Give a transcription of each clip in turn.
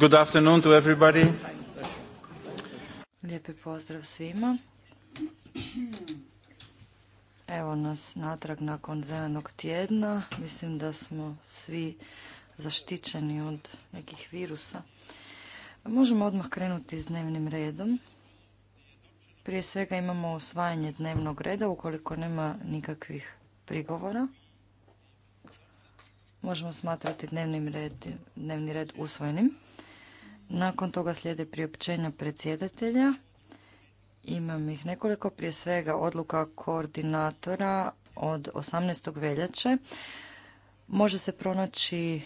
Good afternoon to everybody. Lijepi pozdrav svima. Evo nas natrag nakon zelenog tjedna. Mislim da smo svi zaštićeni od nekih virusa. Možemo odmah krenuti s dnevnim redom. Prije svega imamo osvajanje dnevnog reda ukoliko nema nikakvih prigovora. Možemo smatrati dnevni red usvojenim. Nakon toga slijede priopćenja predsjedatelja. Imam ih nekoliko, prije svega odluka koordinatora od 18. veljače. Može se pronaći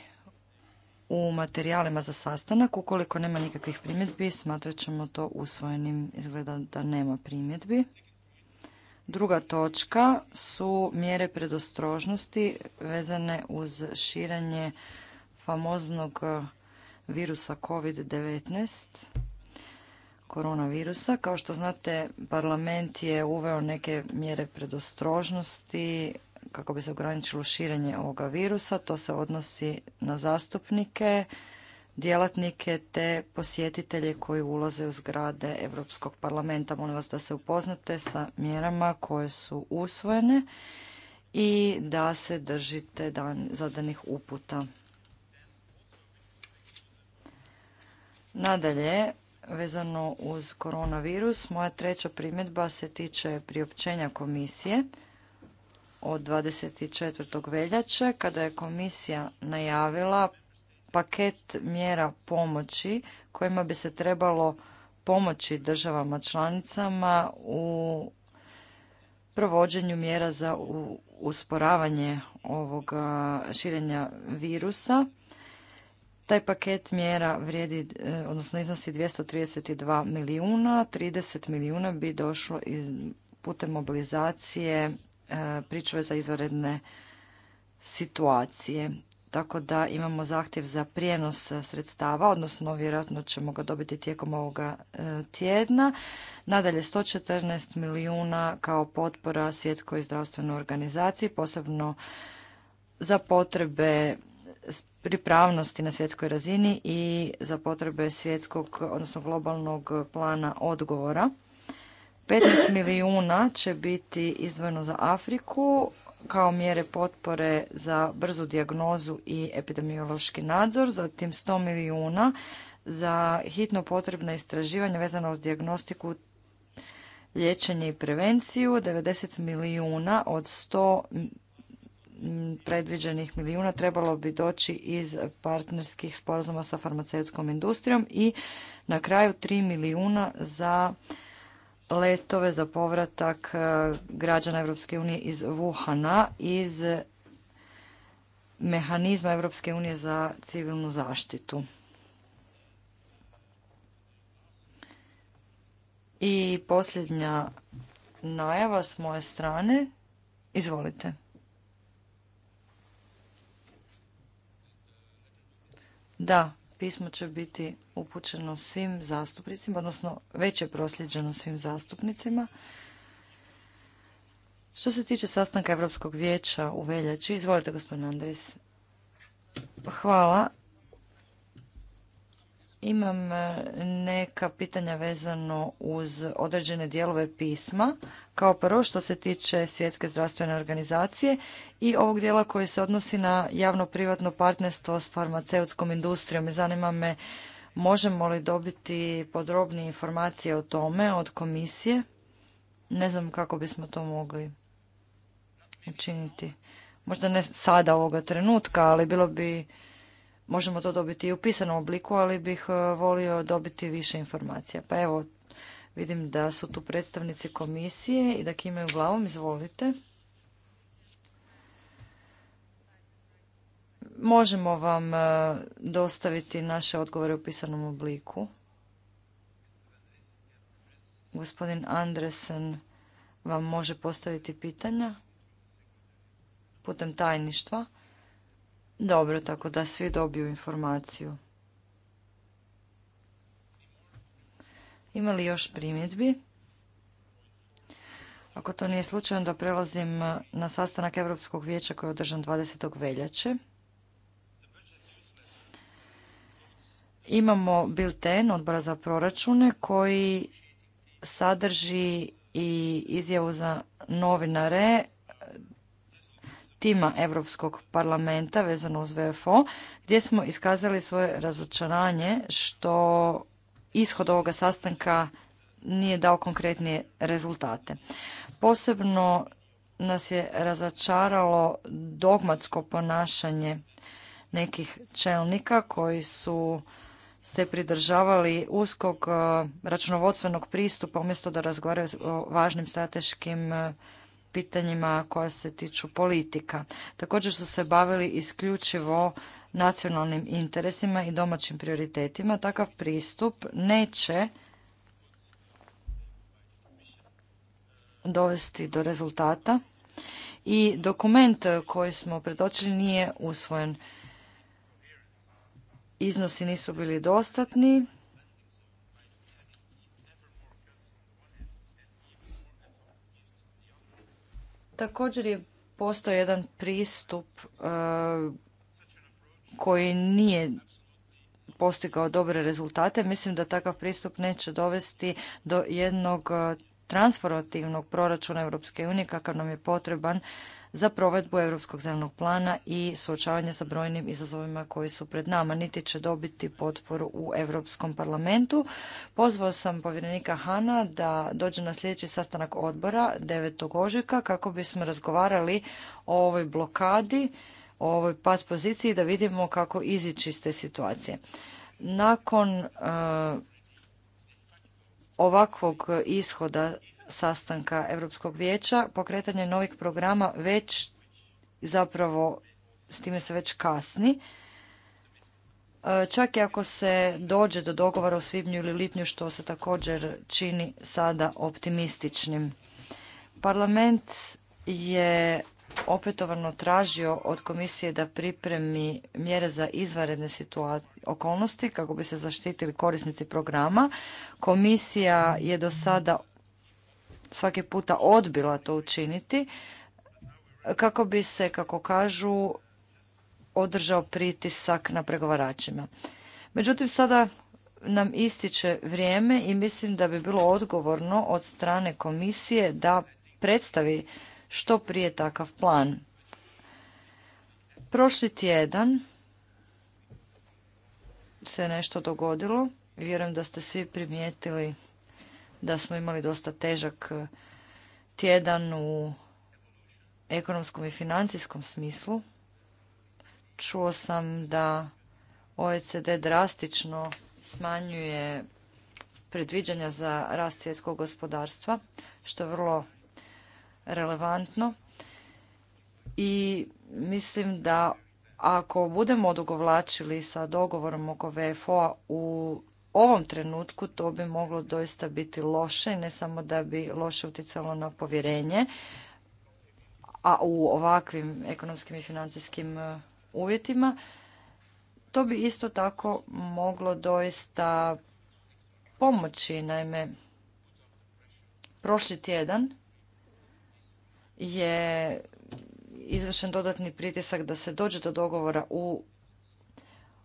u materijalima za sastanak. Ukoliko nema nikakvih primjedbi, smatrat ćemo to usvojenim. Izgleda da nema primjedbi. Druga točka su mjere predostrožnosti vezane uz širenje famoznog virusa COVID-19, koronavirusa. Kao što znate, parlament je uveo neke mjere predostrožnosti kako bi se ograničilo širenje ovoga virusa. To se odnosi na zastupnike, djelatnike te posjetitelje koji ulaze u zgrade Europskog parlamenta. Molim vas da se upoznate sa mjerama koje su usvojene i da se držite zadanih uputa. Nadalje, vezano uz koronavirus, moja treća primjedba se tiče priopćenja komisije od 24. veljače kada je komisija najavila paket mjera pomoći kojima bi se trebalo pomoći državama članicama u provođenju mjera za usporavanje ovoga širenja virusa taj paket mjera vrijedi, e, odnosno iznosi 232 milijuna, 30 milijuna bi došlo putem mobilizacije e, pričuve za izvanredne situacije. Tako da imamo zahtjev za prijenos e, sredstava, odnosno vjerojatno ćemo ga dobiti tijekom ovoga tjedna. Nadalje 114 milijuna kao potpora svjetskoj zdravstvenoj organizaciji, posebno za potrebe pripravnosti na svjetskoj razini i za potrebe svjetskog, odnosno globalnog plana odgovora. 15 milijuna će biti izvojeno za Afriku kao mjere potpore za brzu dijagnozu i epidemiološki nadzor, zatim 100 milijuna za hitno potrebna istraživanja vezana uz dijagnostiku, liječenje i prevenciju, 90 milijuna od 100 predviđenih milijuna trebalo bi doći iz partnerskih sporazuma sa farmaceutskom industrijom i na kraju 3 milijuna za letove za povratak e, građana Europske unije iz Wuhana iz mehanizma Europske unije za civilnu zaštitu. I posljednja najava s moje strane. Izvolite. Da, pismo će biti upućeno svim zastupnicima, odnosno već je prosljeđeno svim zastupnicima. Što se tiče sastanka Europskog vijeća u veljači, izvolite gospodin Andres. Hvala. Imam e, neka pitanja vezano uz određene dijelove pisma. Kao prvo što se tiče Svjetske zdravstvene organizacije i ovog dijela koji se odnosi na javno-privatno partnerstvo s farmaceutskom industrijom. I zanima me možemo li dobiti podrobnije informacije o tome od komisije. Ne znam kako bismo to mogli učiniti. Možda ne sada ovoga trenutka, ali bilo bi možemo to dobiti i u pisanom obliku, ali bih e, volio dobiti više informacija. Pa evo, vidim da su tu predstavnici komisije i da kimaju glavom, izvolite. Možemo vam e, dostaviti naše odgovore u pisanom obliku. Gospodin Andresen vam može postaviti pitanja putem tajništva. Dobro, tako da svi dobiju informaciju. Ima li još primjedbi? Ako to nije slučajno, da prelazim na sastanak Europskog vijeća koji je održan 20. veljače. Imamo bilten odbora za proračune koji sadrži i izjavu za novinare tima Europskog parlamenta vezano uz VFO, gdje smo iskazali svoje razočaranje što ishod ovoga sastanka nije dao konkretnije rezultate. Posebno nas je razočaralo dogmatsko ponašanje nekih čelnika koji su se pridržavali uskog eh, računovodstvenog pristupa umjesto da razgovaraju o važnim strateškim eh, pitanjima koja se tiču politika. Također su se bavili isključivo nacionalnim interesima i domaćim prioritetima. Takav pristup neće dovesti do rezultata i dokument koji smo predočili nije usvojen. Iznosi nisu bili dostatni Također je postao jedan pristup e, koji nije postigao dobre rezultate. Mislim da takav pristup neće dovesti do jednog e, transformativnog proračuna Europske unije kakav nam je potreban za provedbu Europskog zelenog plana i suočavanje sa brojnim izazovima koji su pred nama, niti će dobiti potporu u Europskom parlamentu. Pozvao sam povjerenika Hana da dođe na sljedeći sastanak odbora 9. ožujka kako bismo razgovarali o ovoj blokadi, o ovoj pad poziciji da vidimo kako izići iz te situacije. Nakon e, ovakvog ishoda sastanka Europskog vijeća, pokretanje novih programa već zapravo s time se već kasni. E, čak i ako se dođe do dogovora u svibnju ili lipnju, što se također čini sada optimističnim. Parlament je opetovano tražio od komisije da pripremi mjere za izvanredne okolnosti kako bi se zaštitili korisnici programa. Komisija je do sada svaki puta odbila to učiniti kako bi se, kako kažu, održao pritisak na pregovaračima. Međutim, sada nam ističe vrijeme i mislim da bi bilo odgovorno od strane komisije da predstavi što prije takav plan. Prošli tjedan se nešto dogodilo. Vjerujem da ste svi primijetili da smo imali dosta težak e, tjedan u ekonomskom i financijskom smislu. Čuo sam da OECD drastično smanjuje predviđanja za rast svjetskog gospodarstva, što je vrlo relevantno. I mislim da ako budemo odugovlačili sa dogovorom oko VFO-a u ovom trenutku to bi moglo doista biti loše i ne samo da bi loše utjecalo na povjerenje, a u ovakvim ekonomskim i financijskim e, uvjetima, to bi isto tako moglo doista pomoći. Naime, prošli tjedan je izvršen dodatni pritisak da se dođe do dogovora u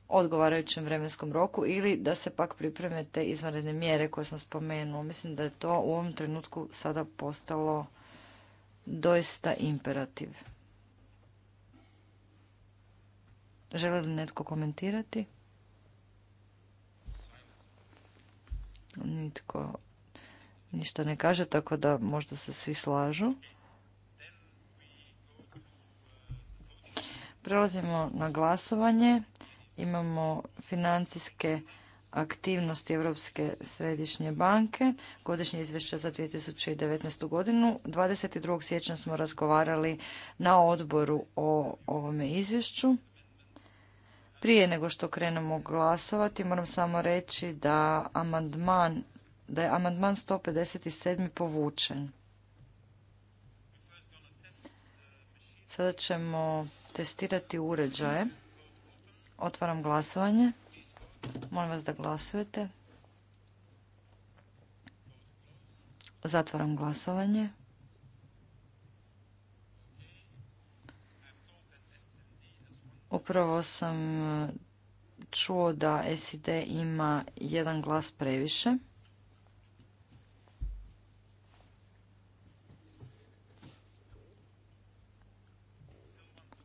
odgovarajućem vremenskom roku ili da se pak pripreme te izvanredne mjere koje sam spomenula. Mislim da je to u ovom trenutku sada postalo doista imperativ. Želi li netko komentirati? Nitko ništa ne kaže, tako da možda se svi slažu. Prelazimo na glasovanje imamo financijske aktivnosti Europske središnje banke, godišnje izvješće za 2019. godinu. 22. siječnja smo razgovarali na odboru o ovome izvješću. Prije nego što krenemo glasovati, moram samo reći da, amandman, da je amandman 157. povučen. Sada ćemo testirati uređaje. Otvaram glasovanje. Molim vas da glasujete. Zatvaram glasovanje. Upravo sam e, čuo da SID ima jedan glas previše.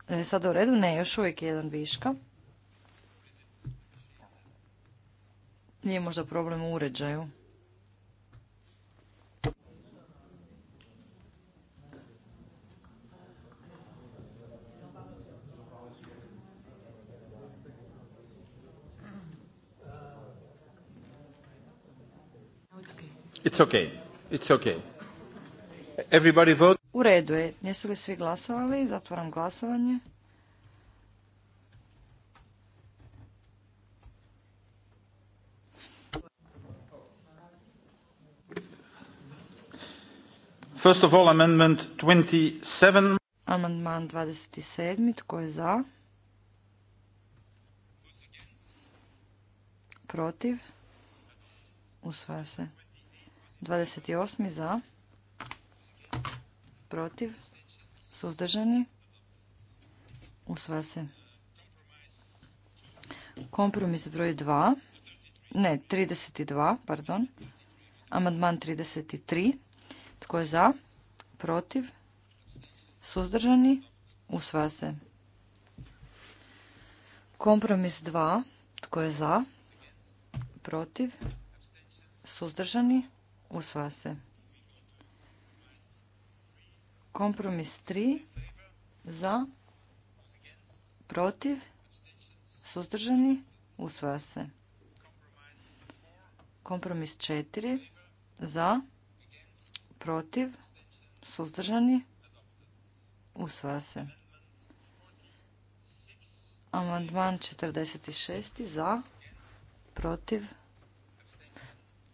Je u redu? Ne, još uvijek je jedan viška. Nije možda problem u uređaju. It's okay. It's okay. Everybody vote. U redu je. Jesu li svi glasovali? Zatvaram glasovanje. First of all, amendment 27. Amendman 27. Tko je za? Protiv? Usvaja se. 28. za? Protiv? Suzdržani? Usvaja se. Kompromis broj 2. Ne, 32, pardon. Amandman 33. Tko je za? Protiv? Suzdržani? Usvaja se. Kompromis 2. Tko je za? Protiv? Suzdržani? Usvaja se. Kompromis 3. Za? Protiv? Suzdržani? Usvaja se. Kompromis 4. Za? protiv, suzdržani, usvaja se. Amandman 46. za, protiv,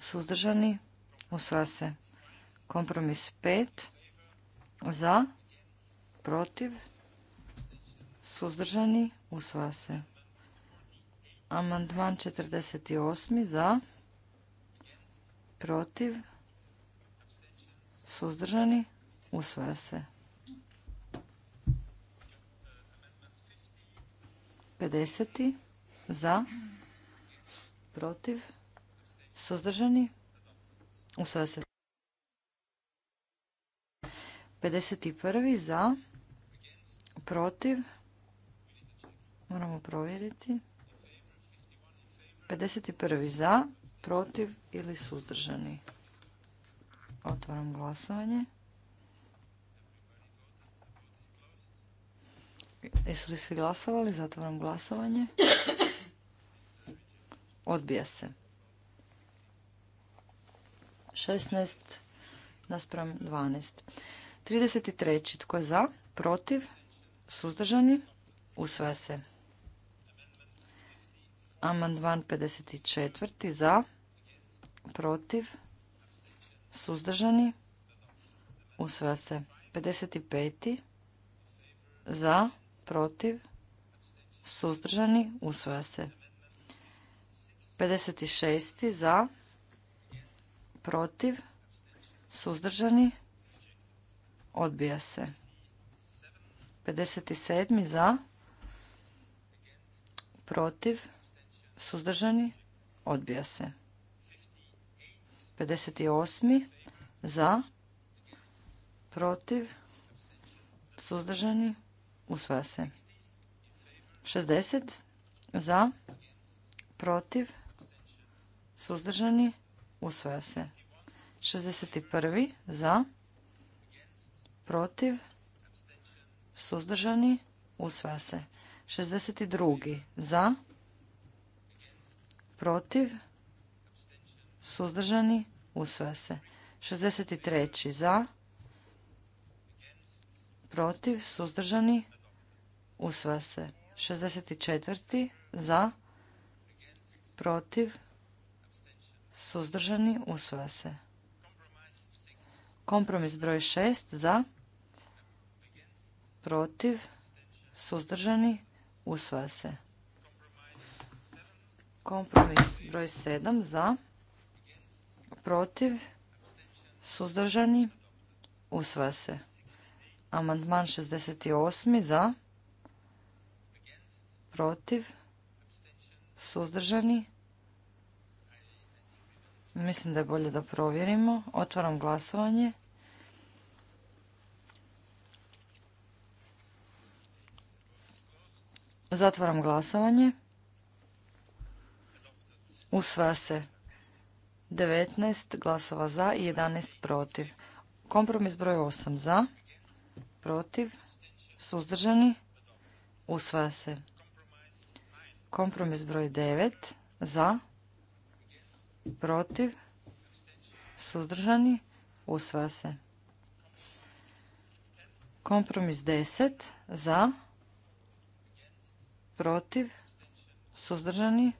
suzdržani, usvaja se. Kompromis 5. Za, protiv, suzdržani, usvaja se. Amandman 48. za, protiv, Suzdržani? Usvaja se. 50. Za? Protiv? Suzdržani? Usvaja se. 51. Za? Protiv? Moramo provjeriti. 51. Za? Protiv ili suzdržani? Otvaram glasovanje. Jesu li svi glasovali? Zatvaram glasovanje. Odbija se. 16 naspram 12. 33. Tko je za? Protiv? Suzdržani? Usvaja se. Amandman 54. Za? Protiv? suzdržani, usvaja se. 55. za, protiv, suzdržani, usvaja se. 56. za, protiv, suzdržani, odbija se. 57. za, protiv, suzdržani, odbija se. 58. za, protiv, suzdržani, usvaja se. 60. za, protiv, suzdržani, usvaja se. 61. za, protiv, suzdržani, usvaja se. 62. za, protiv, suzdržani, usvaja se. 63. za, protiv, suzdržani, usvaja se. 64. za, protiv, suzdržani, usvaja se. Kompromis broj 6 za, protiv, suzdržani, usvaja se. Kompromis broj 7 za, protiv, suzdržani, usvaja se. Amandman 68. za, protiv, suzdržani. Mislim da je bolje da provjerimo. Otvaram glasovanje. Zatvaram glasovanje. Usvaja se. 19 glasova za i 11 protiv. Kompromis broj 8 za, protiv, suzdržani, usvaja se. Kompromis broj 9 za, protiv, suzdržani, usvaja se. Kompromis 10 za, protiv, suzdržani,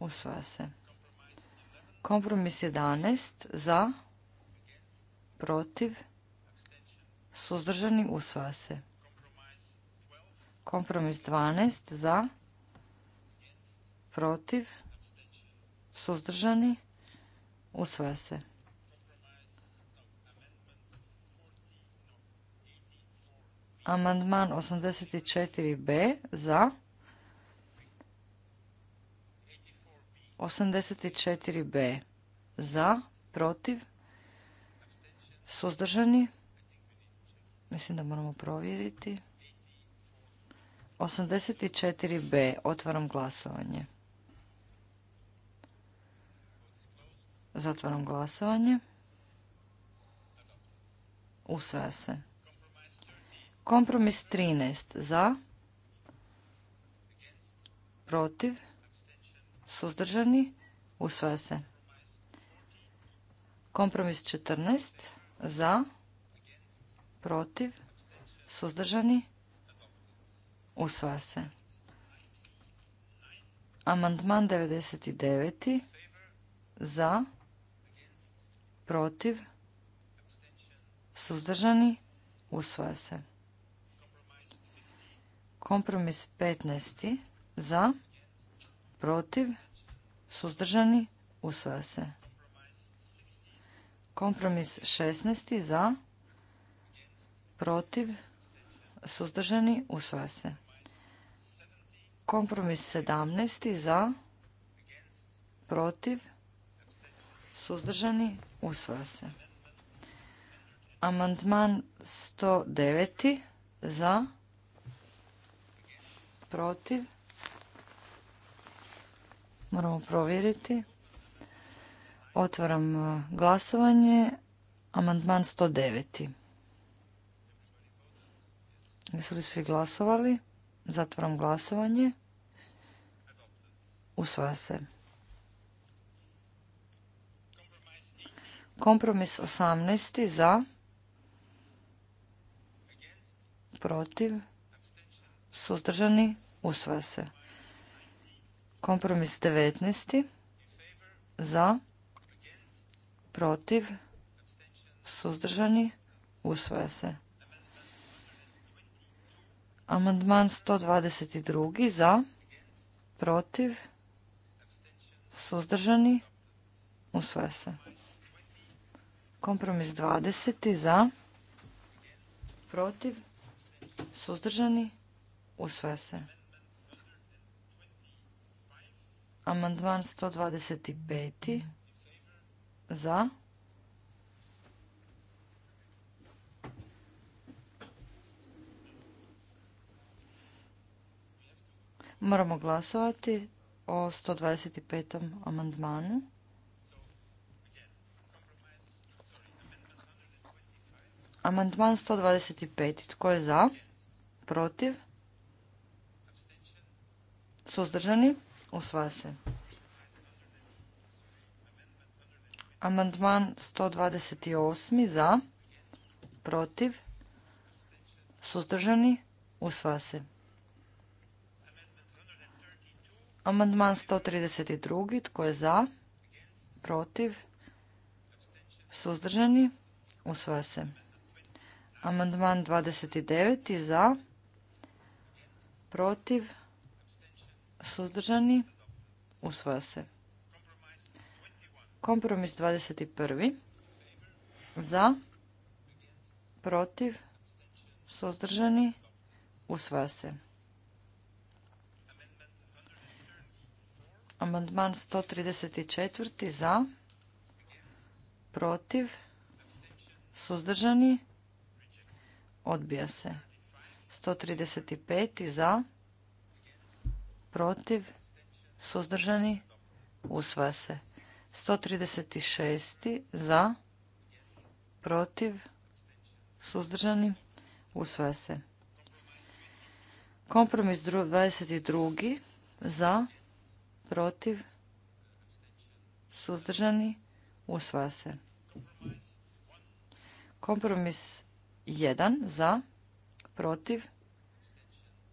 usvaja se. Kompromis 11 za, protiv, suzdržani, usva se. Kompromis 12 za, protiv, suzdržani, Usva se. Amandman 84b za, 84b za, protiv, suzdržani. Mislim da moramo provjeriti. 84b. Otvaram glasovanje. Zatvaram glasovanje. Usvaja se. Kompromis 13 za, protiv, suzdržani, usvaja se. Kompromis 14 za, protiv, suzdržani, usvaja se. Amandman 99 za, protiv, suzdržani, usvaja se. Kompromis 15 za, protiv, Suzdržani? Usvaja se. Kompromis 16. Za? Protiv? Suzdržani? Usvaja se. Kompromis 17. Za? Protiv? Suzdržani? Usvaja se. Amandman 109. Za? Protiv? Moramo provjeriti. Otvaram e, glasovanje. Amandman 109. Jesu li svi glasovali? Zatvaram glasovanje. Usvaja se. Kompromis 18. Za. Protiv. Suzdržani. Usvaja se. Kompromis 19. Za. Protiv. Suzdržani. Usvaja se. Amandman 122. Za. Protiv. Suzdržani. Usvaja se. Kompromis 20. Za. Protiv. Suzdržani. Usvaja se. Amandman 125. Za. Moramo glasovati o 125. amandmanu. Amandman 125. Tko je za? Protiv? Suzdržani? u se. Amandman 128. Za. Protiv. Suzdržani. u se. Amandman 132. Tko je za? Protiv? Suzdržani? Usva se. Amandman 29. Za? Protiv? suzdržani, usvaja se. Kompromis 21. Za, protiv, suzdržani, usvaja se. Amandman 134. Za, protiv, suzdržani, odbija se. 135. Za, protiv, suzdržani, usvaja se. 136. za, protiv, suzdržani, usvaja se. Kompromis 22. za, protiv, suzdržani, usvaja se. Kompromis 1 za, protiv,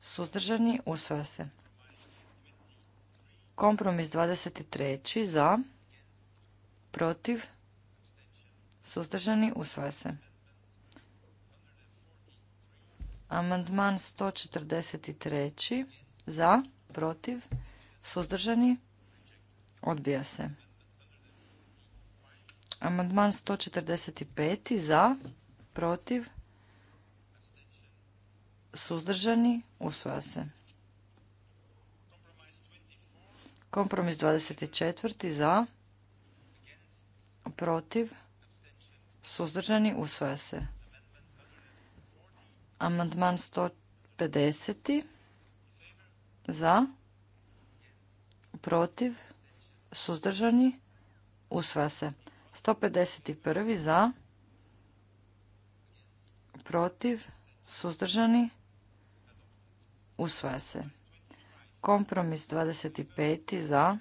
suzdržani, usvaja se. Kompromis 23. Za. Protiv. Suzdržani. Usvaja se. Amandman 143. Za. Protiv. Suzdržani. Odbija se. Amandman 145. Za. Protiv. Suzdržani. Usvaja se. Kompromis 24. za, protiv, suzdržani, usvaja se. Amandman 150. za, protiv, suzdržani, usvaja se. 151. za, protiv, suzdržani, usvaja se. Kompromis 25. za,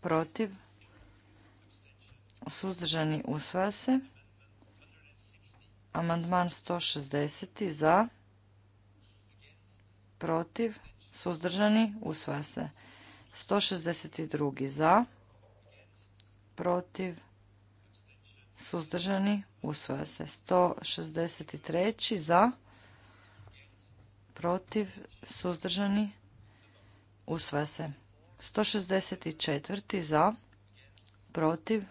protiv, suzdržani usvaja se. Amandman 160. za, protiv, suzdržani usvaja se. 162. za, protiv, suzdržani usvaja se. 163. za, protiv, suzdržani Usvaja se. 164. za, protiv,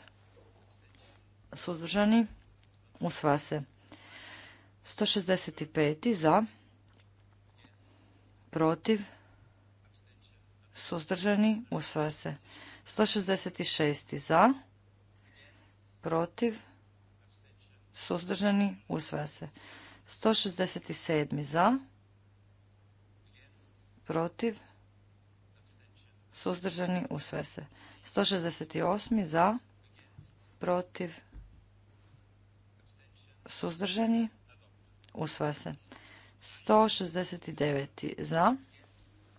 suzdržani. Usvaja se. 165. za, protiv, suzdržani. Usvaja se. 166. za, protiv, suzdržani. Usvaja se. 167. za, protiv, suzdržani, usve se. 168. za, protiv, suzdržani, sve se. 169. za,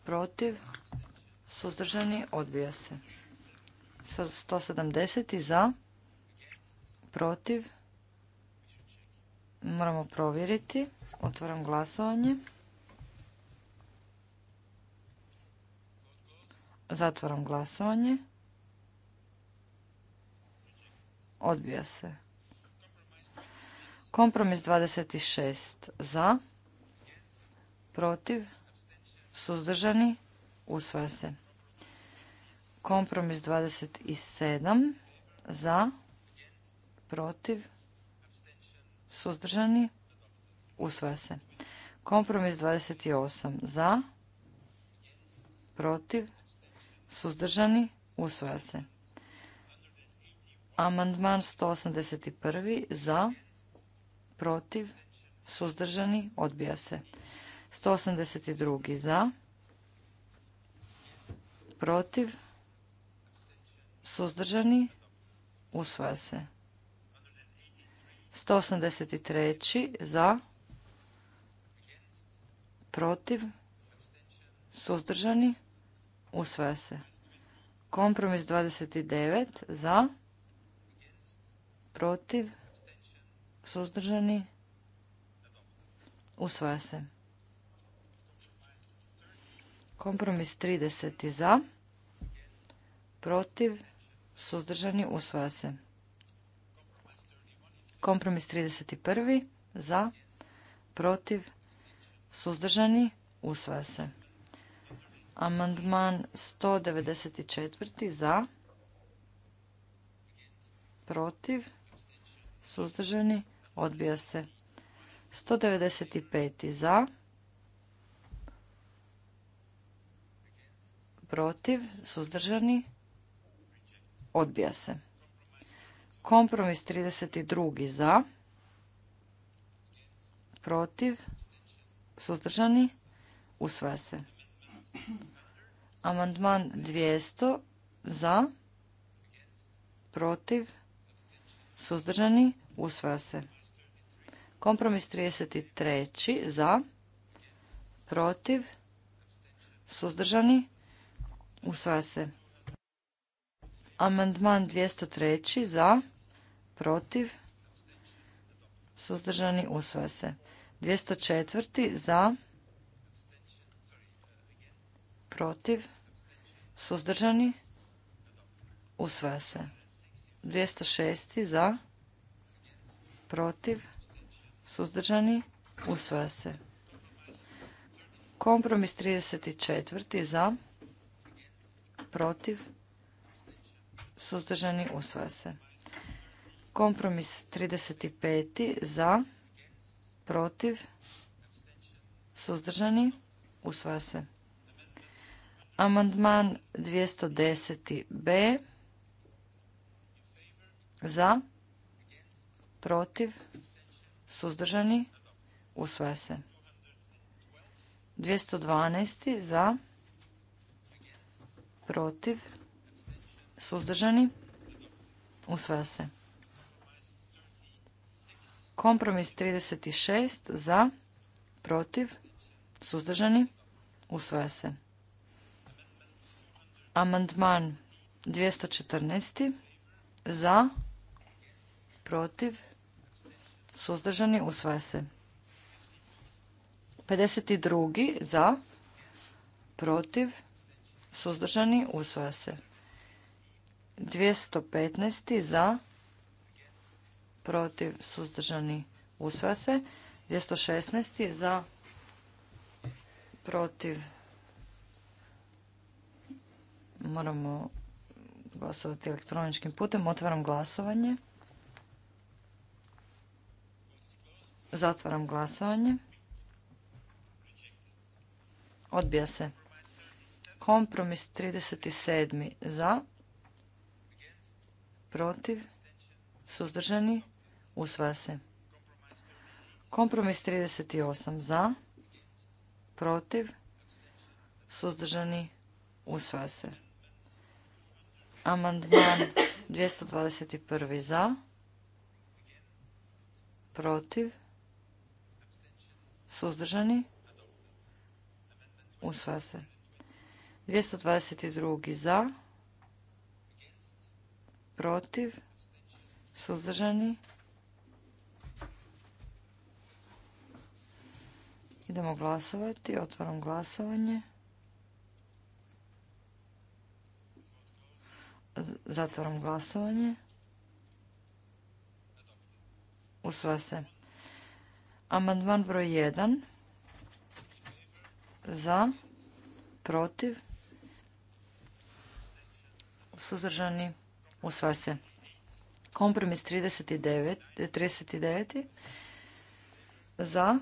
protiv, suzdržani, odbija se. 170. za, protiv, moramo provjeriti. Otvaram glasovanje. Zatvaram glasovanje. Odbija se. Kompromis 26 za, protiv, suzdržani, usvaja se. Kompromis 27 za, protiv, suzdržani, usvaja se. Kompromis 28 za, protiv, Suzdržani? Usvaja se. Amandman 181. Za? Protiv? Suzdržani? Odbija se. 182. Za? Protiv? Suzdržani? Usvaja se. 183. Za? Protiv? Suzdržani? Usvaja se. Kompromis 29 za, protiv, suzdržani, usvaja se. Kompromis 30 za, protiv, suzdržani, usvaja se. Kompromis 31 za, protiv, suzdržani, usvaja se. Amandman 194. za. Protiv. Suzdržani. Odbija se. 195. za. Protiv. Suzdržani. Odbija se. Kompromis 32. za. Protiv. Suzdržani. Usvaja se. Amandman 200 za, protiv, suzdržani, usvaja se. Kompromis 33 za, protiv, suzdržani, usvaja se. Amandman 203 za, protiv, suzdržani, usvaja se. 204 za, protiv, suzdržani, usvaja se. 206. za, protiv, suzdržani, usvaja se. Kompromis 34. za, protiv, suzdržani, usvaja se. Kompromis 35. za, protiv, suzdržani, usvaja se. Amandman 210. B. Za. Protiv. Suzdržani. Usvaja se. 212. Za. Protiv. Suzdržani. Usvaja se. Kompromis 36. Za. Protiv. Suzdržani. Usvaja se. Amandman 214. Za, protiv, suzdržani, usvaja se. 52. Za, protiv, suzdržani, usvaja se. 215. Za, protiv, suzdržani, usvaja se. 216. Za, protiv, moramo glasovati elektroničkim putem. Otvaram glasovanje. Zatvaram glasovanje. Odbija se. Kompromis 37. Za. Protiv. Suzdržani. Usvaja se. Kompromis 38. Za. Protiv. Suzdržani. Usvaja se. Amandman 221. za. Protiv. Suzdržani. Usva se. 222. za. Protiv. Suzdržani. Idemo glasovati. Otvaram glasovanje. Zatvaram glasovanje. Usvaja se. Amandman broj 1. Za. Protiv. Suzdržani. Usvaja se. Kompromis 39. Za.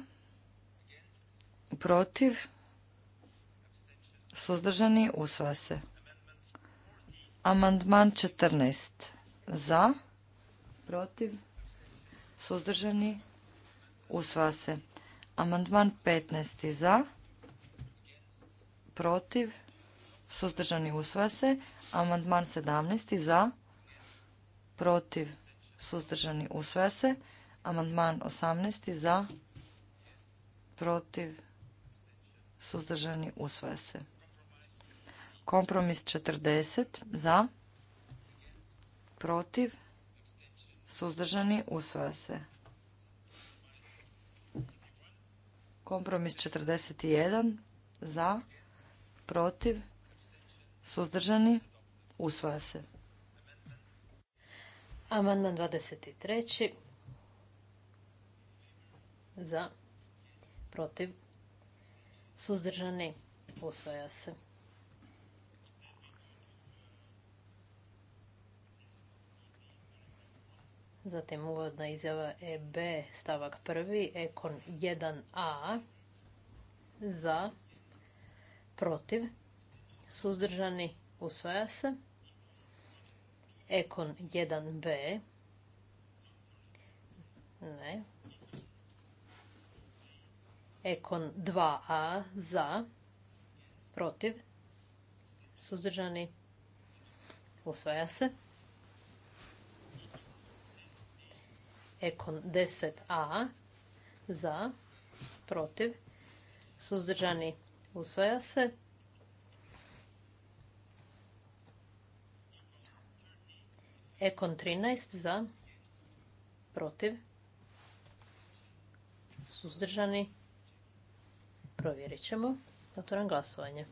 Protiv. Suzdržani. Usvaja se. Amandman 14. Za, protiv, suzdržani, usvase. se. Amandman 15. Za, protiv, suzdržani, usvaja se. Amandman 17. Za, protiv, suzdržani, usvaja se. Amandman 18. Za, protiv, suzdržani, usvaja se. Kompromis 40 za, protiv, suzdržani, usvaja se. Kompromis 41 za, protiv, suzdržani, usvaja se. Amandman 23. Za, protiv, suzdržani, usvaja se. Zatim uvodna izjava e B, stavak prvi, Ekon 1a za protiv suzdržani usvaja se. Ekon 1b ne. Ekon 2a za protiv suzdržani usvaja se. Ekon 10a za, protiv, suzdržani usvaja se. Ekon 13 za, protiv, suzdržani, provjerit ćemo. Otvoram glasovanje.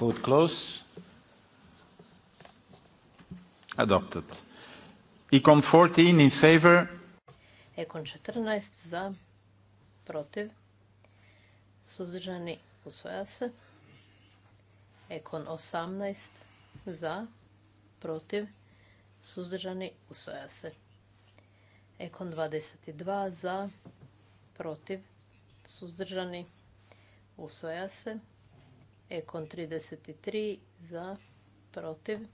Vote close. Adopted. Ekon 14 in favor. 14 za, protiv, suzdržani usvoja se. Ekon 18 za, protiv, suzdržani usvoja se. Ekon 22 za, protiv, suzdržani usvoja se. Ekon 33 za, protiv,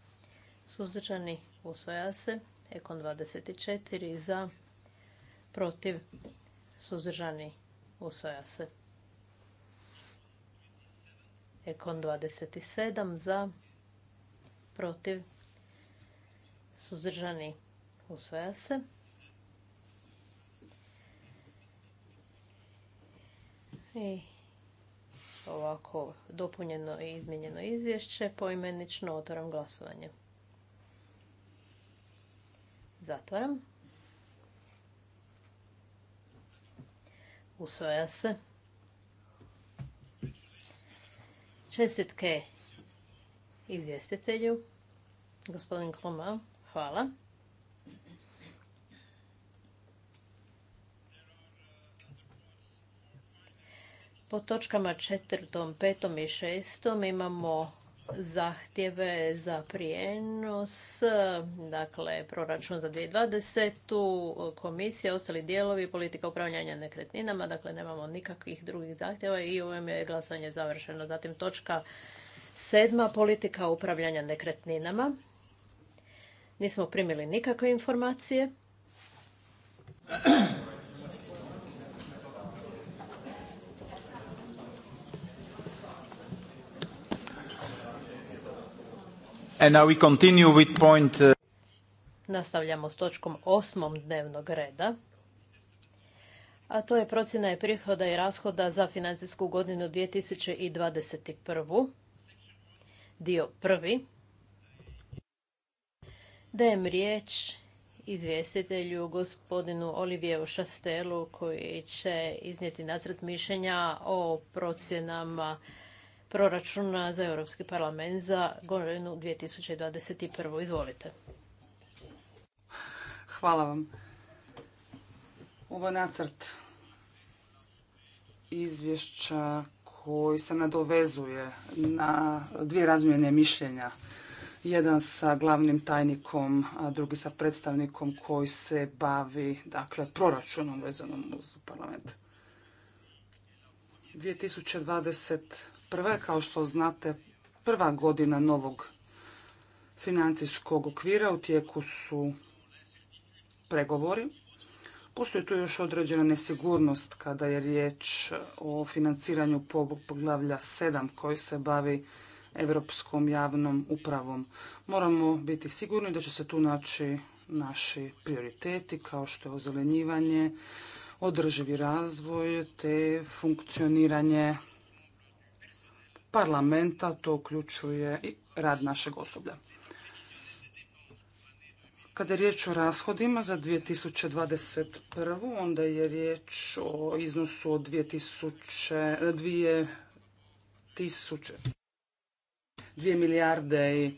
suzdržani usvoja se. Ekon 24 za, protiv, suzdržani, usvoja se. Ekon 27 za, protiv, suzdržani, usvoja se. I ovako dopunjeno i izmijenjeno izvješće, poimenično otvaram glasovanje. Zatvaram. Usvaja se. Čestitke izvjestitelju, gospodin Kloma. Hvala. Po točkama četvrtom, petom i šestom imamo zahtjeve za prijenos, dakle proračun za 2020. komisija, ostali dijelovi, politika upravljanja nekretninama, dakle nemamo nikakvih drugih zahtjeva i ovim je glasanje završeno. Zatim točka sedma, politika upravljanja nekretninama. Nismo primili nikakve informacije. point... Uh, Nastavljamo s točkom osmom dnevnog reda. A to je procjena je prihoda i rashoda za financijsku godinu 2021. Dio prvi. Dajem riječ izvjestitelju gospodinu Olivijevu Šastelu koji će iznijeti nacrt mišljenja o procjenama proračuna za Europski parlament za godinu 2021. Izvolite. Hvala vam. Ovo je nacrt izvješća koji se nadovezuje na dvije razmjene mišljenja. Jedan sa glavnim tajnikom, a drugi sa predstavnikom koji se bavi dakle, proračunom vezanom uz parlament. 2020 prve, kao što znate, prva godina novog financijskog okvira. U tijeku su pregovori. Postoji tu još određena nesigurnost kada je riječ o financiranju poglavlja 7 koji se bavi evropskom javnom upravom. Moramo biti sigurni da će se tu naći naši prioriteti kao što je ozelenjivanje, održivi razvoj te funkcioniranje parlamenta, to uključuje i rad našeg osoblja. Kada je riječ o rashodima za 2021. onda je riječ o iznosu od 2 milijarde i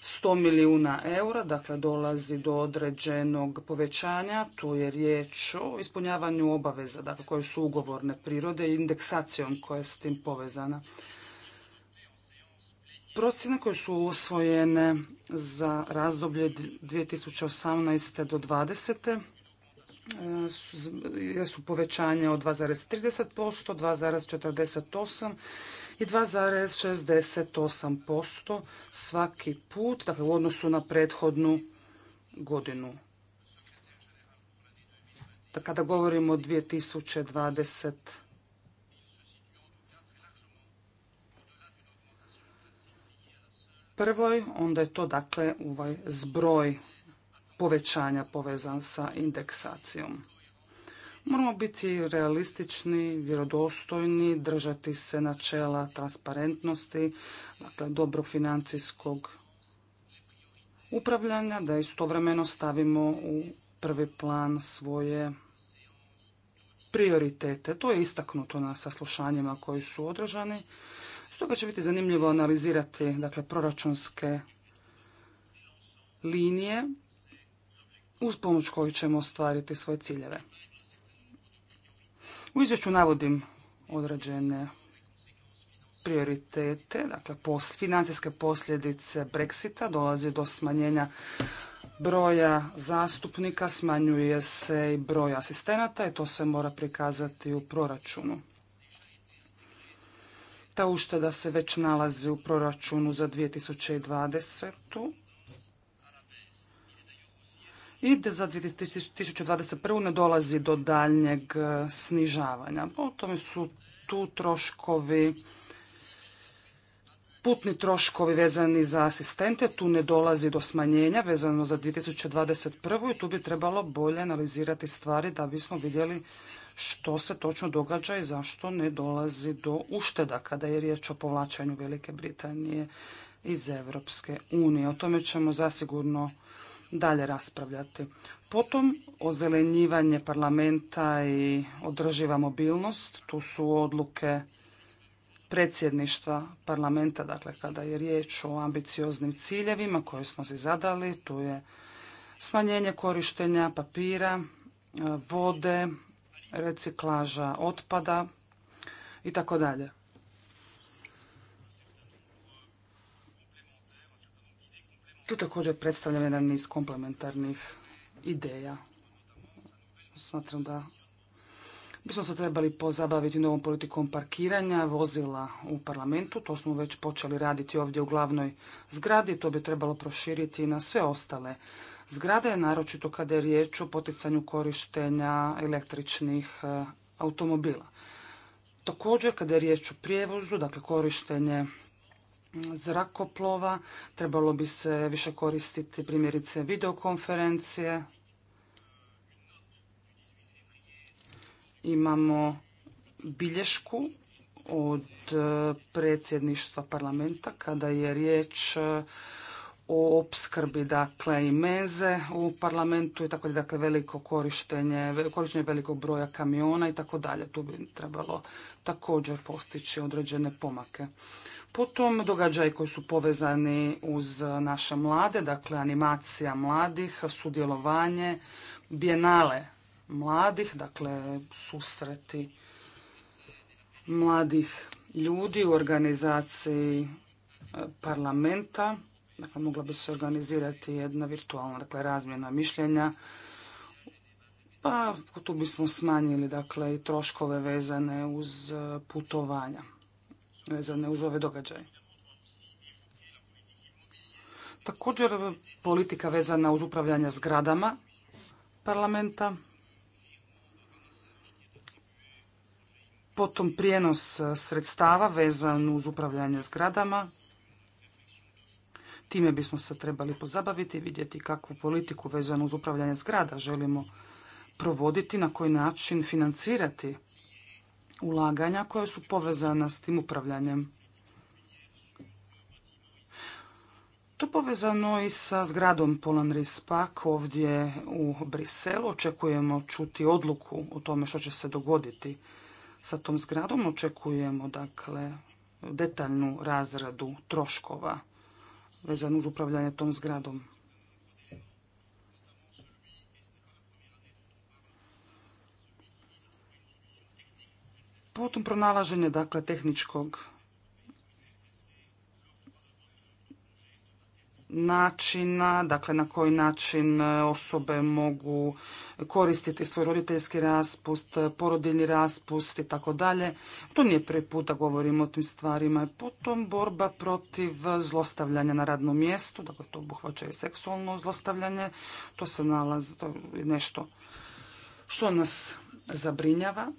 100 milijuna eura, dakle dolazi do određenog povećanja, tu je riječ o ispunjavanju obaveza dakle koje su ugovorne prirode i indeksacijom koja je s tim povezana. Procjene koje su usvojene za razdoblje 2018. do 2020 e, su povećanje od 2,30%, 2,48% i 2,68% svaki put, dakle u odnosu na prethodnu godinu. Kada govorimo o 2020. prvoj, onda je to dakle ovaj zbroj povećanja povezan sa indeksacijom. Moramo biti realistični, vjerodostojni, držati se načela transparentnosti, dakle dobro financijskog upravljanja, da istovremeno stavimo u prvi plan svoje prioritete. To je istaknuto na saslušanjima koji su održani Stoga će biti zanimljivo analizirati dakle, proračunske linije uz pomoć koju ćemo ostvariti svoje ciljeve. U izvješću navodim određene prioritete, dakle post, financijske posljedice Brexita, dolazi do smanjenja broja zastupnika, smanjuje se i broj asistenata i to se mora prikazati u proračunu. Ta ušteda se već nalazi u proračunu za 2020. I za 2021. ne dolazi do daljnjeg e, snižavanja. O tome su tu troškovi putni troškovi vezani za asistente, tu ne dolazi do smanjenja vezano za 2021. i tu bi trebalo bolje analizirati stvari da bismo vidjeli što se točno događa i zašto ne dolazi do ušteda kada je riječ o povlačenju Velike Britanije iz Europske unije. O tome ćemo zasigurno dalje raspravljati. Potom ozelenjivanje parlamenta i održiva mobilnost. Tu su odluke predsjedništva parlamenta, dakle kada je riječ o ambicioznim ciljevima koje smo si zadali, tu je smanjenje korištenja papira, vode, reciklaža otpada i tako dalje. Tu također predstavljam jedan niz komplementarnih ideja. Smatram da bismo se trebali pozabaviti novom politikom parkiranja vozila u parlamentu. To smo već počeli raditi ovdje u glavnoj zgradi. To bi trebalo proširiti na sve ostale zgrade, naročito kada je riječ o poticanju korištenja električnih e, automobila. Također, kada je riječ o prijevozu, dakle korištenje zrakoplova, trebalo bi se više koristiti primjerice videokonferencije. Imamo bilješku od e, predsjedništva parlamenta kada je riječ o opskrbi dakle i meze u parlamentu i tako dakle veliko korištenje, korištenje velikog broja kamiona i tako dalje. Tu bi trebalo također postići određene pomake. Potom događaji koji su povezani uz naše mlade, dakle animacija mladih, sudjelovanje, bijenale mladih, dakle susreti mladih ljudi u organizaciji eh, parlamenta Dakle, mogla bi se organizirati jedna virtualna dakle, razmjena mišljenja. Pa tu bismo smanjili dakle, i troškove vezane uz e, putovanja, vezane uz ove događaje. Također politika vezana uz upravljanje zgradama parlamenta, potom prijenos e, sredstava vezan uz upravljanje zgradama, Time bismo se trebali pozabaviti i vidjeti kakvu politiku vezanu uz upravljanje zgrada želimo provoditi, na koji način financirati ulaganja koja su povezana s tim upravljanjem. To povezano i sa zgradom Polan Rispak ovdje u Briselu. Očekujemo čuti odluku o tome što će se dogoditi sa tom zgradom. Očekujemo dakle detaljnu razradu troškova vezan uz upravljanje tom zgradom. Potom pronalaženje dakle tehničkog načina, dakle na koji način e, osobe mogu koristiti svoj roditeljski raspust, porodiljni raspust i tako dalje. To nije prvi puta govorimo o tim stvarima. Potom borba protiv zlostavljanja na radnom mjestu, dakle to obuhvaća i seksualno zlostavljanje. To se nalazi, to je nešto što nas zabrinjava.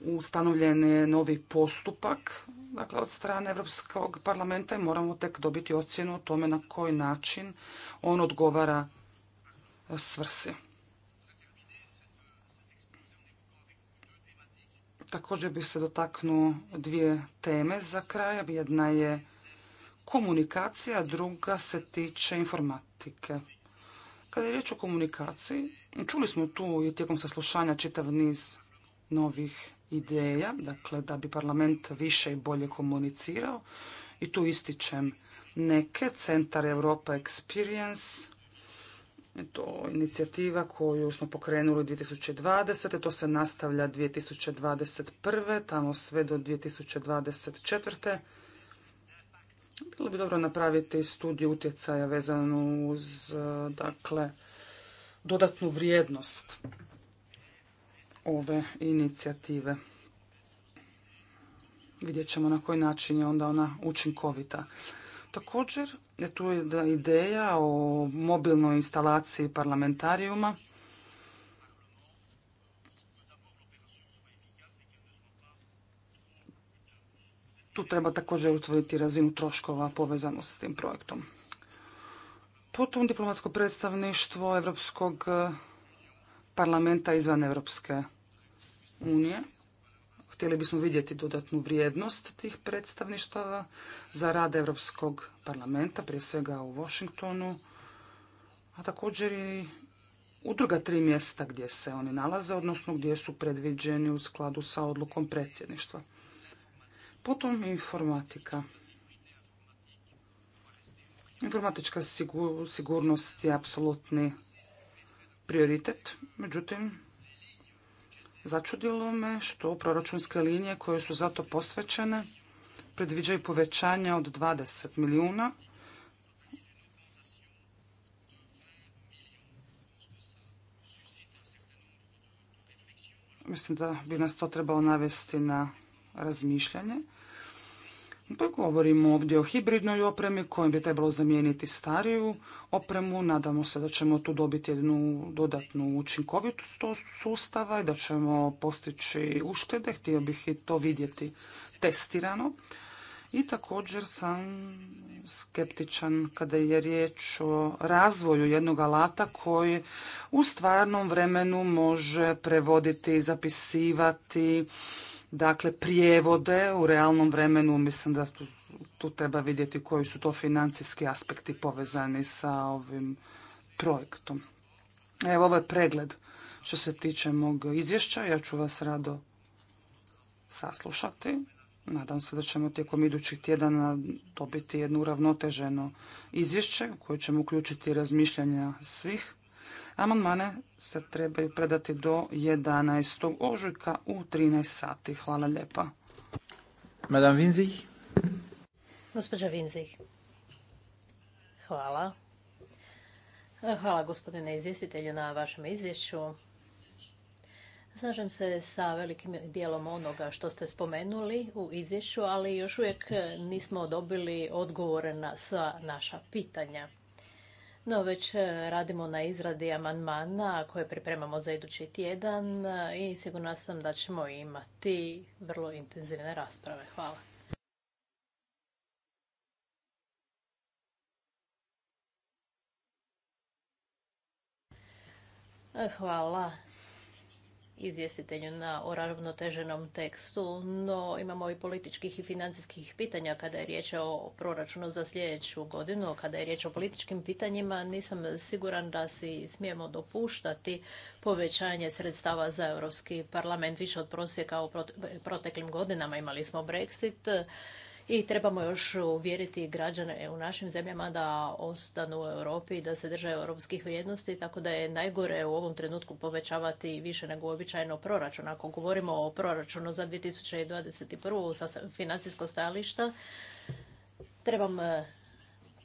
Ustanovljen je novi postupak dakle, od strane Europskog parlamenta moramo tek dobiti ocjenu o tome na koji način on odgovara svrsi. Također bi se dotaknuo dvije teme za kraj. Jedna je komunikacija, druga se tiče informatike. Kada je riječ o komunikaciji, čuli smo tu i tijekom saslušanja čitav niz novih ideja, dakle da bi parlament više i bolje komunicirao i tu ističem neke, Centar Europa Experience, to inicijativa koju smo pokrenuli 2020. To se nastavlja 2021. tamo sve do 2024. Bilo bi dobro napraviti studiju utjecaja vezanu uz dakle, dodatnu vrijednost ove inicijative. Vidjet ćemo na koji način je onda ona učinkovita. Također e, je tu ideja o mobilnoj instalaciji parlamentarijuma. Tu treba također utvoriti razinu troškova povezanu s tim projektom. Potom diplomatsko predstavništvo Europskog parlamenta izvan Europske unije. Htjeli bismo vidjeti dodatnu vrijednost tih predstavništava za rad Europskog parlamenta, prije svega u Washingtonu, a također i u druga tri mjesta gdje se oni nalaze, odnosno gdje su predviđeni u skladu sa odlukom predsjedništva. Potom informatika. Informatička sigurnost je apsolutni prioritet, međutim, začudilo me što proračunske linije koje su za to posvećene predviđaju povećanja od 20 milijuna, Mislim da bi nas to trebalo navesti na razmišljanje. Pa govorimo ovdje o hibridnoj opremi kojom bi trebalo zamijeniti stariju opremu. Nadamo se da ćemo tu dobiti jednu dodatnu učinkovitost sustava i da ćemo postići uštede. Htio bih i to vidjeti testirano. I također sam skeptičan kada je riječ o razvoju jednog alata koji u stvarnom vremenu može prevoditi, zapisivati, dakle prijevode u realnom vremenu, mislim da tu, treba vidjeti koji su to financijski aspekti povezani sa ovim projektom. Evo ovo pregled što se tiče mog izvješća, ja ću vas rado saslušati. Nadam se da ćemo tijekom idućih tjedana dobiti jedno uravnoteženo izvješće u koje ćemo uključiti razmišljanja svih Amandmane se trebaju predati do 11. ožujka u 13 sati. Hvala lijepa. Madame Vinzih. Gospođa Vinzih. Hvala. Hvala gospodine izvjestitelju na vašem izvješću. Slažem se sa velikim dijelom onoga što ste spomenuli u izvješću, ali još uvijek nismo dobili odgovore na sva naša pitanja. No, već e, radimo na izradi amandmana koje pripremamo za idući tjedan e, i sigurna sam da ćemo imati vrlo intenzivne rasprave. Hvala. E, hvala izvjestitelju na uravnoteženom tekstu, no imamo i političkih i financijskih pitanja kada je riječ o proračunu za sljedeću godinu. Kada je riječ o političkim pitanjima, nisam siguran da si smijemo dopuštati povećanje sredstava za Europski parlament više od prosjeka u proteklim godinama. Imali smo Brexit, i trebamo još uvjeriti građane e, u našim zemljama da ostanu u Europi i da se drže europskih vrijednosti, tako da je najgore u ovom trenutku povećavati više nego uobičajeno proračun. Ako govorimo o proračunu za 2021. sa financijskog stajališta, trebam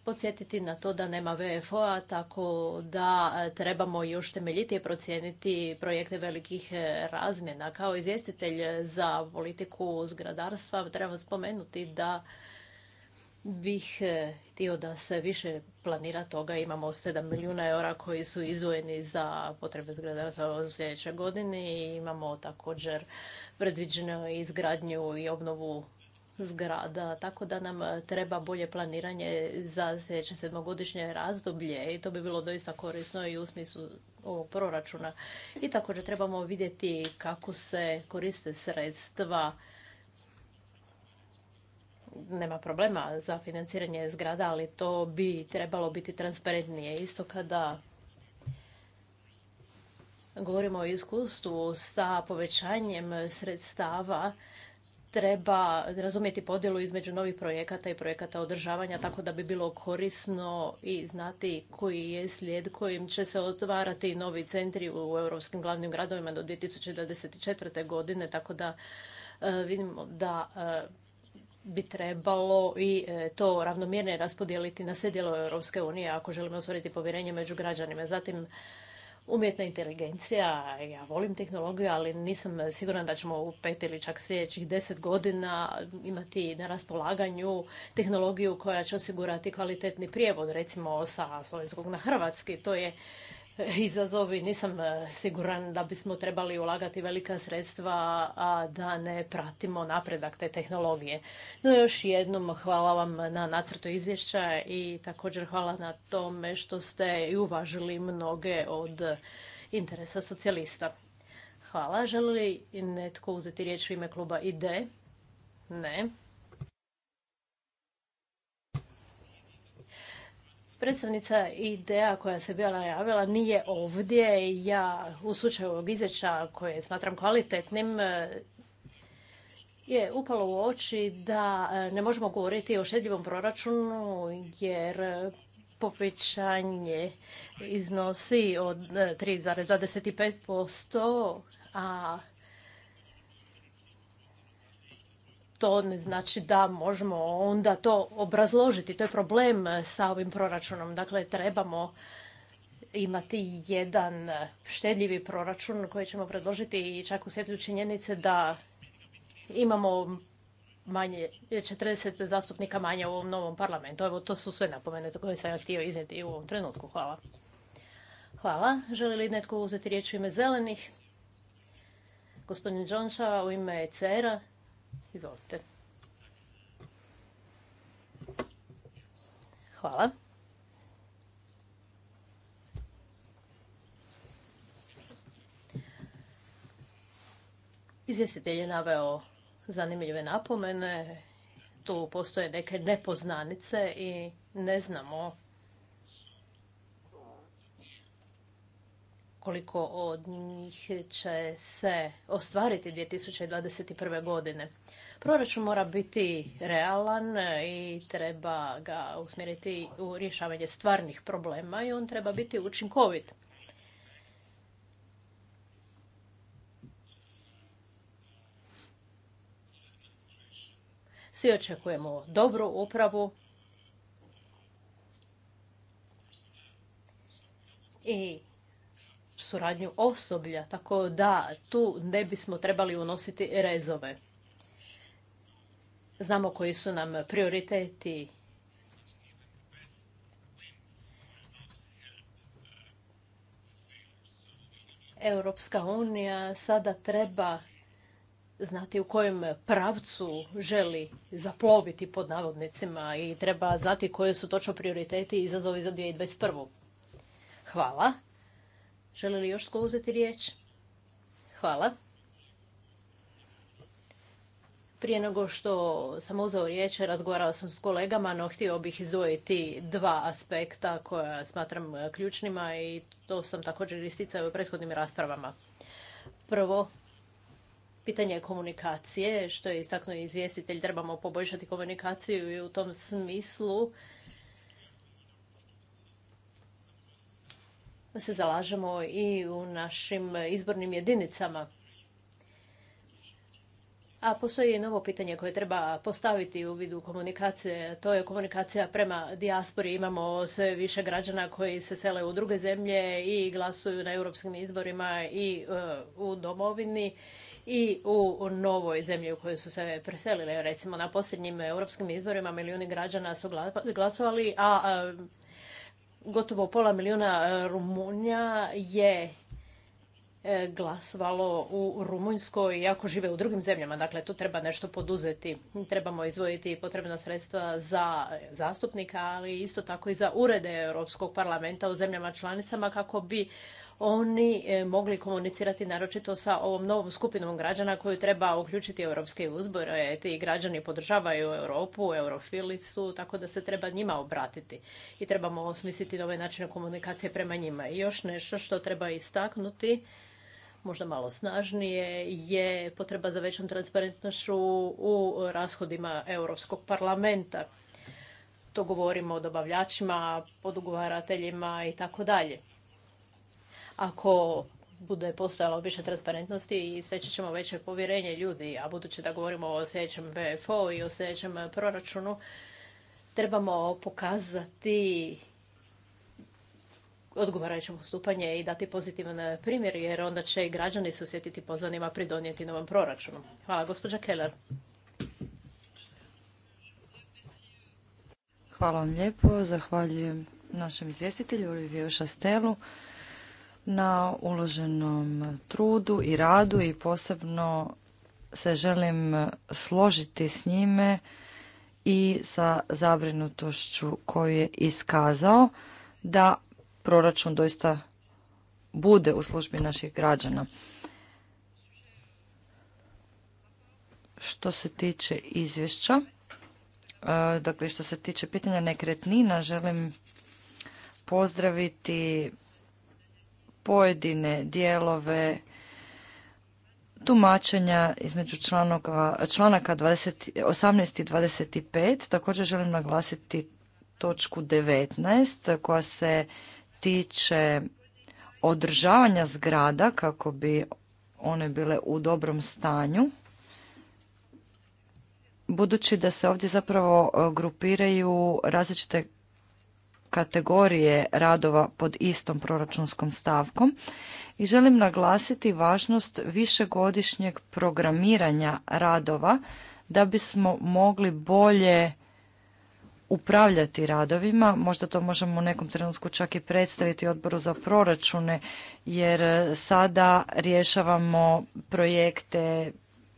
podsjetiti na to da nema VFO-a, tako da e, trebamo još temeljitije procijeniti projekte velikih e, razmjena. Kao izvjestitelj za politiku zgradarstva trebam spomenuti da bih e, htio da se više planira toga. Imamo 7 milijuna eura koji su izvojeni za potrebe zgradarstva u sljedećoj godini. Imamo također predviđenu izgradnju i obnovu zgrada, tako da nam e, treba bolje planiranje za sljedeće sedmogodišnje razdoblje i to bi bilo doista korisno i u smislu ovog proračuna. I također trebamo vidjeti kako se koriste sredstva nema problema za financiranje zgrada, ali to bi trebalo biti transparentnije. Isto kada govorimo o iskustvu sa povećanjem sredstava, treba razumjeti podjelu između novih projekata i projekata održavanja tako da bi bilo korisno i znati koji je slijed kojim će se otvarati novi centri u europskim glavnim gradovima do 2024. godine tako da e, vidimo da e, bi trebalo i e, to ravnomjerno raspodijeliti na sve dijelove Europske unije ako želimo ostvariti povjerenje među građanima. Zatim umjetna inteligencija, ja volim tehnologiju, ali nisam sigurna da ćemo u pet ili čak sljedećih deset godina imati na raspolaganju tehnologiju koja će osigurati kvalitetni prijevod, recimo sa slovenskog na hrvatski. To je izazovi. Nisam e, siguran da bismo trebali ulagati velika sredstva, a da ne pratimo napredak te tehnologije. No još jednom hvala vam na nacrtu izvješća i također hvala na tome što ste i uvažili mnoge od interesa socijalista. Hvala. Želi li netko uzeti riječ u ime kluba IDE? Ne. Predstavnica ideja koja se bila najavila nije ovdje. Ja u slučaju ovog izvješća koje smatram kvalitetnim e, je upalo u oči da e, ne možemo govoriti o šedljivom proračunu jer povećanje iznosi od 3,25%, e, a to ne znači da možemo onda to obrazložiti. To je problem sa ovim proračunom. Dakle, trebamo imati jedan štedljivi proračun koji ćemo predložiti i čak u svjetlju činjenice da imamo manje, 40 zastupnika manje u ovom novom parlamentu. Evo, to su sve napomene koje sam ja htio iznijeti u ovom trenutku. Hvala. Hvala. Želi li netko uzeti riječ u ime zelenih? Gospodin Džonša u ime CR-a. Izvolite. Hvala. Izvjestitelj je naveo zanimljive napomene. Tu postoje neke nepoznanice i ne znamo koliko od njih će se ostvariti 2021. godine. Proračun mora biti realan i treba ga usmjeriti u rješavanje stvarnih problema i on treba biti učinkovit. Svi očekujemo dobru upravu i suradnju osoblja, tako da tu ne bismo trebali unositi rezove. Znamo koji su nam prioriteti Europska unija sada treba znati u kojem pravcu želi zaploviti pod navodnicima i treba znati koje su točno prioriteti i izazovi za 2021. Hvala. Želi li još tko uzeti riječ? Hvala. Prije nego što sam uzeo riječ, razgovarao sam s kolegama, no htio bih izdvojiti dva aspekta koja smatram ključnima i to sam također isticao u prethodnim raspravama. Prvo, pitanje komunikacije, što je istaknuo izvjestitelj, trebamo poboljšati komunikaciju i u tom smislu se zalažemo i u našim izbornim jedinicama. A postoji i novo pitanje koje treba postaviti u vidu komunikacije, to je komunikacija prema dijaspori. Imamo sve više građana koji se sele u druge zemlje i glasuju na europskim izborima i e, u domovini i u novoj zemlji u kojoj su se preselile. Recimo na posljednjim europskim izborima milijuni građana su glasovali, a e, gotovo pola milijuna e, Rumunja je e, glasovalo u Rumunjskoj, iako žive u drugim zemljama. Dakle, tu treba nešto poduzeti. Trebamo izvojiti potrebna sredstva za e, zastupnika, ali isto tako i za urede Europskog parlamenta u zemljama članicama kako bi oni e, mogli komunicirati naročito sa ovom novom skupinom građana koju treba uključiti europske uzbore. Ti građani podržavaju Europu, eurofili su, tako da se treba njima obratiti i trebamo osmisliti nove načine komunikacije prema njima. I još nešto što treba istaknuti možda malo snažnije, je potreba za većom transparentnošću u rashodima Europskog parlamenta. To govorimo o dobavljačima, podugovarateljima i tako dalje ako bude postojalo više transparentnosti i steći ćemo veće povjerenje ljudi, a budući da govorimo o sljedećem BFO i o sljedećem proračunu, trebamo pokazati odgovarajuće postupanje i dati pozitivan primjer, jer onda će i građani se osjetiti pozvanima pridonijeti novom proračunu. Hvala, gospođa Keller. Hvala vam lijepo. Zahvaljujem našem izvjestitelju Šastelu na uloženom trudu i radu i posebno se želim složiti s njime i sa zabrinutošću koju je iskazao da proračun doista bude u službi naših građana. Što se tiče izvješća, e, dakle što se tiče pitanja nekretnina, želim pozdraviti pojedine dijelove tumačenja između članaka, članaka 20, 18 i 25. Također želim naglasiti točku 19 koja se tiče održavanja zgrada kako bi one bile u dobrom stanju. Budući da se ovdje zapravo e, grupiraju različite kategorije radova pod istom proračunskom stavkom i želim naglasiti važnost višegodišnjeg programiranja radova da bismo mogli bolje upravljati radovima. Možda to možemo u nekom trenutku čak i predstaviti odboru za proračune, jer sada rješavamo projekte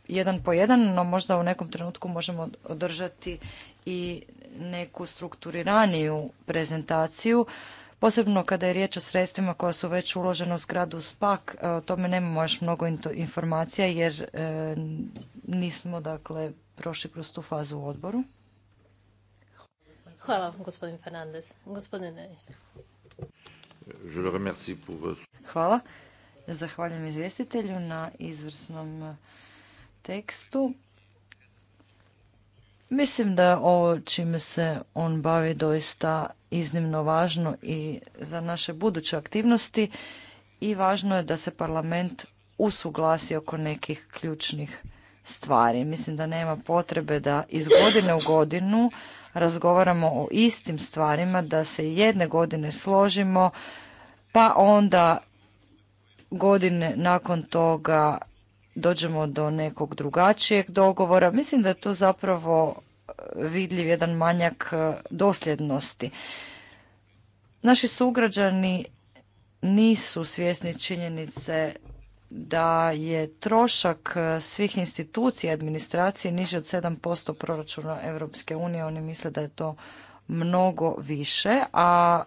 jedan po jedan, no možda u nekom trenutku možemo održati i neku strukturiraniju prezentaciju, posebno kada je riječ o sredstvima koja su već uložena u zgradu SPAK, e, o tome nemamo još mnogo informacija jer e, nismo dakle prošli kroz tu fazu u odboru. Hvala vam, gospodin Fernandez. Gospodine... Hvala. Zahvaljujem izvjestitelju na izvrsnom tekstu. Mislim da je ovo čime se on bavi doista iznimno važno i za naše buduće aktivnosti i važno je da se parlament usuglasi oko nekih ključnih stvari. Mislim da nema potrebe da iz godine u godinu razgovaramo o istim stvarima, da se jedne godine složimo, pa onda godine nakon toga dođemo do nekog drugačijeg dogovora. Mislim da je to zapravo e, vidljiv jedan manjak e, dosljednosti. Naši sugrađani nisu svjesni činjenice da je trošak e, svih institucija administracije niži od 7% proračuna Europske unije. Oni misle da je to mnogo više, a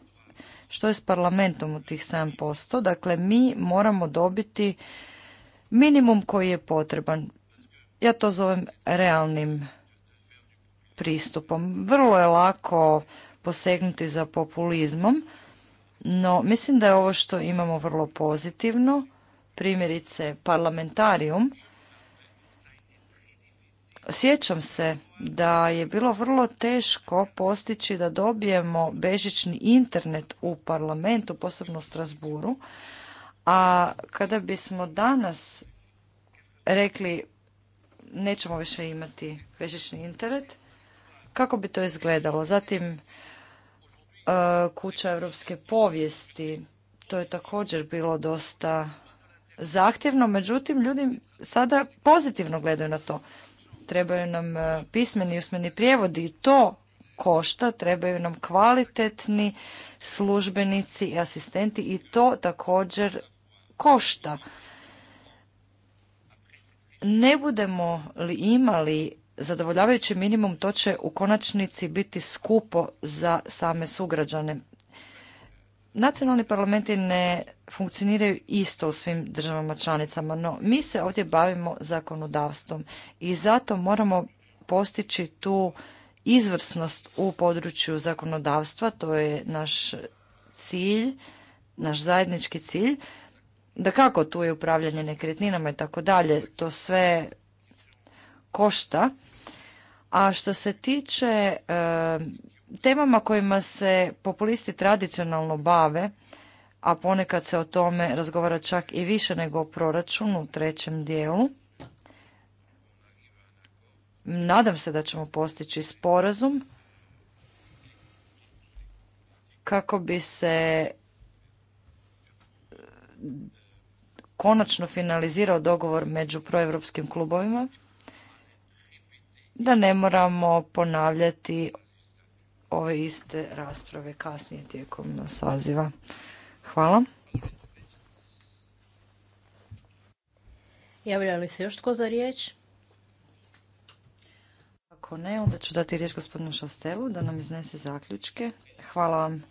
što je s parlamentom u tih 7%? Dakle, mi moramo dobiti minimum koji je potreban. Ja to zovem realnim pristupom. Vrlo je lako posegnuti za populizmom, no mislim da je ovo što imamo vrlo pozitivno, primjerice parlamentarijum. Sjećam se da je bilo vrlo teško postići da dobijemo bežični internet u parlamentu, posebno u Strasburu, a kada bismo danas rekli nećemo više imati vežični internet, kako bi to izgledalo? Zatim e, kuća europske povijesti, to je također bilo dosta zahtjevno, međutim ljudi sada pozitivno gledaju na to. Trebaju nam e, pismeni i usmeni prijevodi i to košta, trebaju nam kvalitetni službenici i asistenti i to također košta. Ne budemo li imali zadovoljavajući minimum, to će u konačnici biti skupo za same sugrađane. Nacionalni parlamenti ne funkcioniraju isto u svim državama članicama, no mi se ovdje bavimo zakonodavstvom i zato moramo postići tu izvrsnost u području zakonodavstva, to je naš cilj, naš zajednički cilj da kako tu je upravljanje nekretninama i tako dalje, to sve košta. A što se tiče e, temama kojima se populisti tradicionalno bave, a ponekad se o tome razgovara čak i više nego o proračunu u trećem dijelu, nadam se da ćemo postići sporazum kako bi se konačno finalizirao dogovor među proevropskim klubovima, da ne moramo ponavljati ove iste rasprave kasnije tijekom saziva. Hvala. Javlja li se još tko za riječ? Ako ne, onda ću dati riječ gospodinu Šastelu da nam iznese zaključke. Hvala vam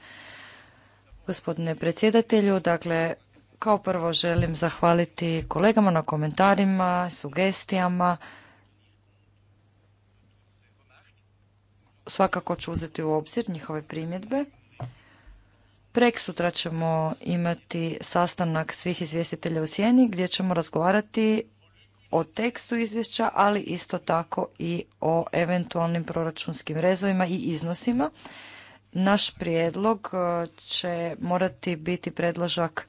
gospodine predsjedatelju. Dakle, kao prvo želim zahvaliti kolegama na komentarima, sugestijama. Svakako ću uzeti u obzir njihove primjedbe. Prek sutra ćemo imati sastanak svih izvjestitelja u Sjeni gdje ćemo razgovarati o tekstu izvješća, ali isto tako i o eventualnim proračunskim rezovima i iznosima. Naš prijedlog e, će morati biti predložak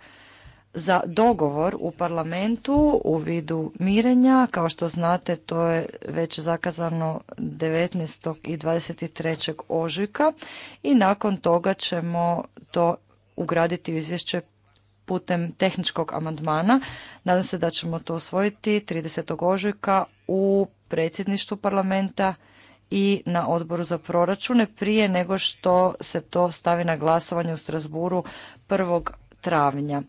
za dogovor u parlamentu u vidu mirenja. Kao što znate, to je već zakazano 19. i 23. ožujka i nakon toga ćemo to ugraditi u izvješće putem tehničkog amandmana. Nadam se da ćemo to osvojiti 30. ožujka u predsjedništvu parlamenta i na odboru za proračune prije nego što se to stavi na glasovanje u Strasburu 1. travnja.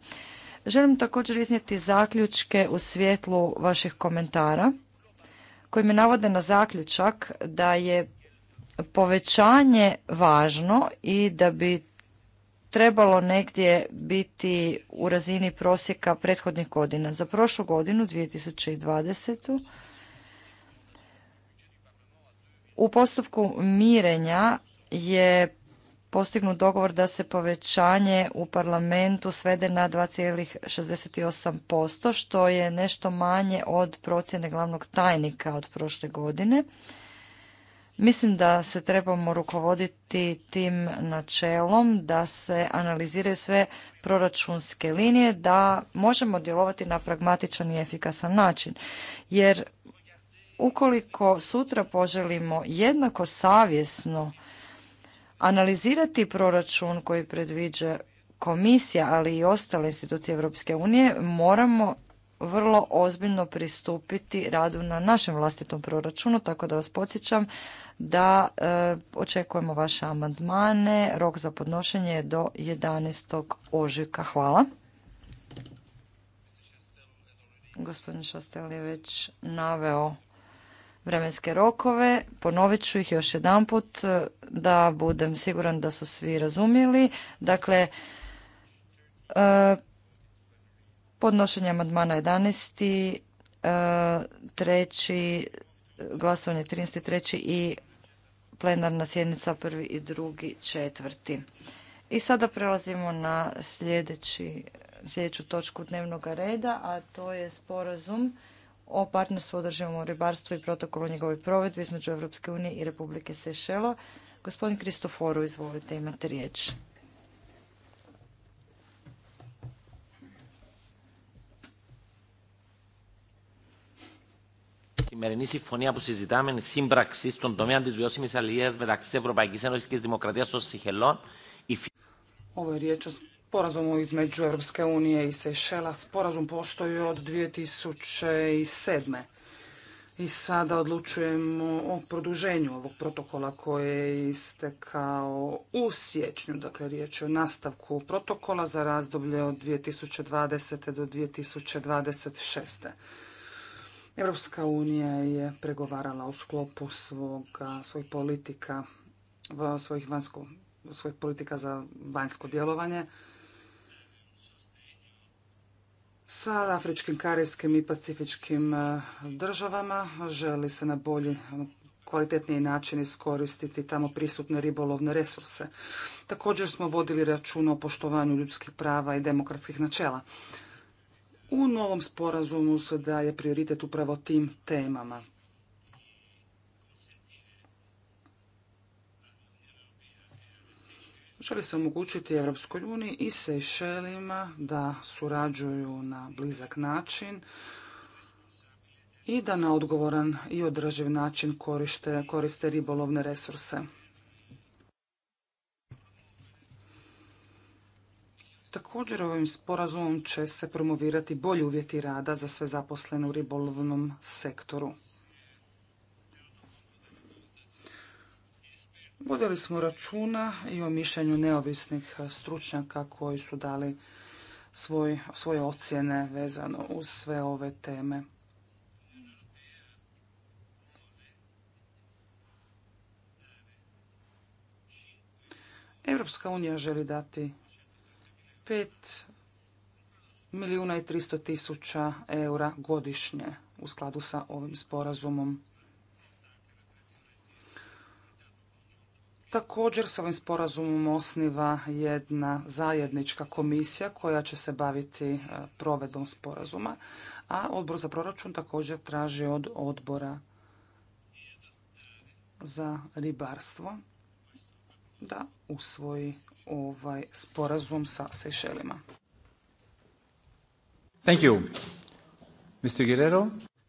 Želim također iznijeti zaključke u svjetlu vaših komentara koji me navode na zaključak da je povećanje važno i da bi trebalo negdje biti u razini prosjeka prethodnih godina. Za prošlu godinu, 2020. U postupku mirenja je postignut dogovor da se povećanje u parlamentu svede na 2,68%, što je nešto manje od procjene glavnog tajnika od prošle godine. Mislim da se trebamo rukovoditi tim načelom da se analiziraju sve proračunske linije, da možemo djelovati na pragmatičan i efikasan način. Jer ukoliko sutra poželimo jednako savjesno analizirati proračun koji predviđa komisija, ali i ostale institucije Europske unije, moramo vrlo ozbiljno pristupiti radu na našem vlastitom proračunu, tako da vas podsjećam da e, očekujemo vaše amandmane. Rok za podnošenje je do 11. ožujka. Hvala. Gospodin Šastel je već naveo vremenske rokove. Ponovit ću ih još jedanput e, da budem siguran da su svi razumjeli. Dakle, e, podnošenje amandmana 11. E, treći glasovanje 13. treći i plenarna sjednica prvi i drugi četvrti. I sada prelazimo na sljedeći, sljedeću točku dnevnog reda, a to je sporazum o partnerstvu održivom ribarstvu i protokolu njegovoj provedbi između Europske unije i Republike Sešelo. Gospodin Kristoforu, izvolite, imate riječ. σημερινή συμφωνία που συζητάμε είναι σύμπραξη στον τομέα τη βιώσιμη αλληλεία μεταξύ Ευρωπαϊκή Ένωση και Δημοκρατία των Σιχελών. Ovo je riječ o sporazumu između Europske unije i Sejšela. Sporazum postoji od 2007. I sada odlučujemo o produženju ovog protokola koje je istekao u siječnju. Dakle, riječ je o nastavku protokola za razdoblje od 2020. do 2026. Europska unija je pregovarala u sklopu svoga, svojih politika, svojih svojih politika za vanjsko djelovanje sa afričkim, karijskim i pacifičkim e, državama. Želi se na bolji, ono, kvalitetniji način iskoristiti tamo prisutne ribolovne resurse. Također smo vodili račun o poštovanju ljudskih prava i demokratskih načela. U novom sporazumu se daje prioritet upravo tim temama. Želi se omogućiti Europskoj uniji i Sejšelima da surađuju na blizak način i da na odgovoran i održiv način koriste, koriste ribolovne resurse. Također ovim sporazumom će se promovirati bolji uvjeti rada za sve zaposlene u ribolovnom sektoru. Vodili smo računa i o mišljenju neovisnih stručnjaka koji su dali svoje ocjene vezano uz sve ove teme. Europska unija želi dati 5 milijuna i 300 tisuća eura godišnje u skladu sa ovim sporazumom. Također s ovim sporazumom osniva jedna zajednička komisija koja će se baviti e, provedbom sporazuma, a odbor za proračun također traži od odbora za ribarstvo da usvoji ovaj sporazum sa Sešelima.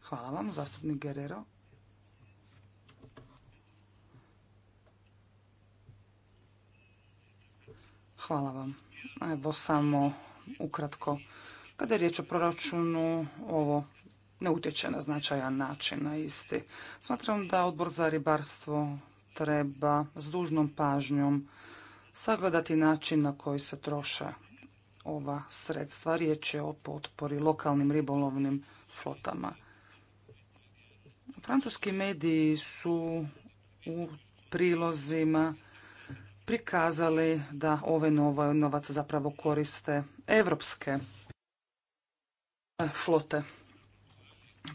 Hvala vam, zastupnik Guerrero. Hvala vam. Evo samo ukratko. Kada je riječ o proračunu, ovo ne utječe na značajan način na isti. Smatram da odbor za ribarstvo treba s dužnom pažnjom sagledati način na koji se troše ova sredstva. Riječ je o potpori lokalnim ribolovnim flotama. Francuski mediji su u prilozima prikazali da ovaj novac zapravo koriste evropske eh, flote.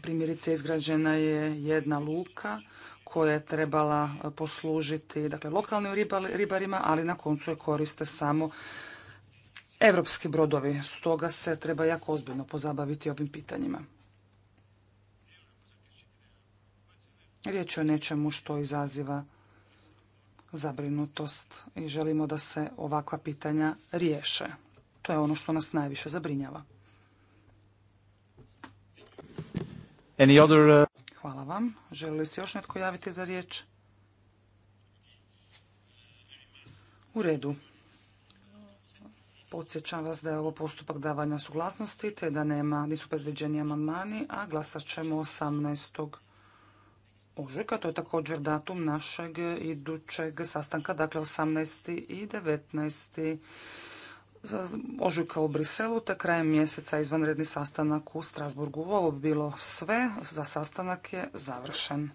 Primjerice izgrađena je jedna luka koja je trebala eh, poslužiti dakle, lokalnim ribarima, ali na koncu je koriste samo evropski brodovi. Stoga se treba jako ozbiljno pozabaviti ovim pitanjima. Riječ je o nečemu što izaziva zabrinutost i želimo da se ovakva pitanja riješe. To je ono što nas najviše zabrinjava. Uh, Hvala vam. Želi li se još netko javiti za riječ? U redu. Podsjećam vas da je ovo postupak davanja suglasnosti, te da nema, nisu predviđeni amandmani, a glasat ćemo 18 ožujka, to je također datum našeg idućeg sastanka, dakle 18. i 19. ožujka u Briselu, te krajem mjeseca izvanredni sastanak u Strasburgu. Ovo bilo sve, za sastanak je završen.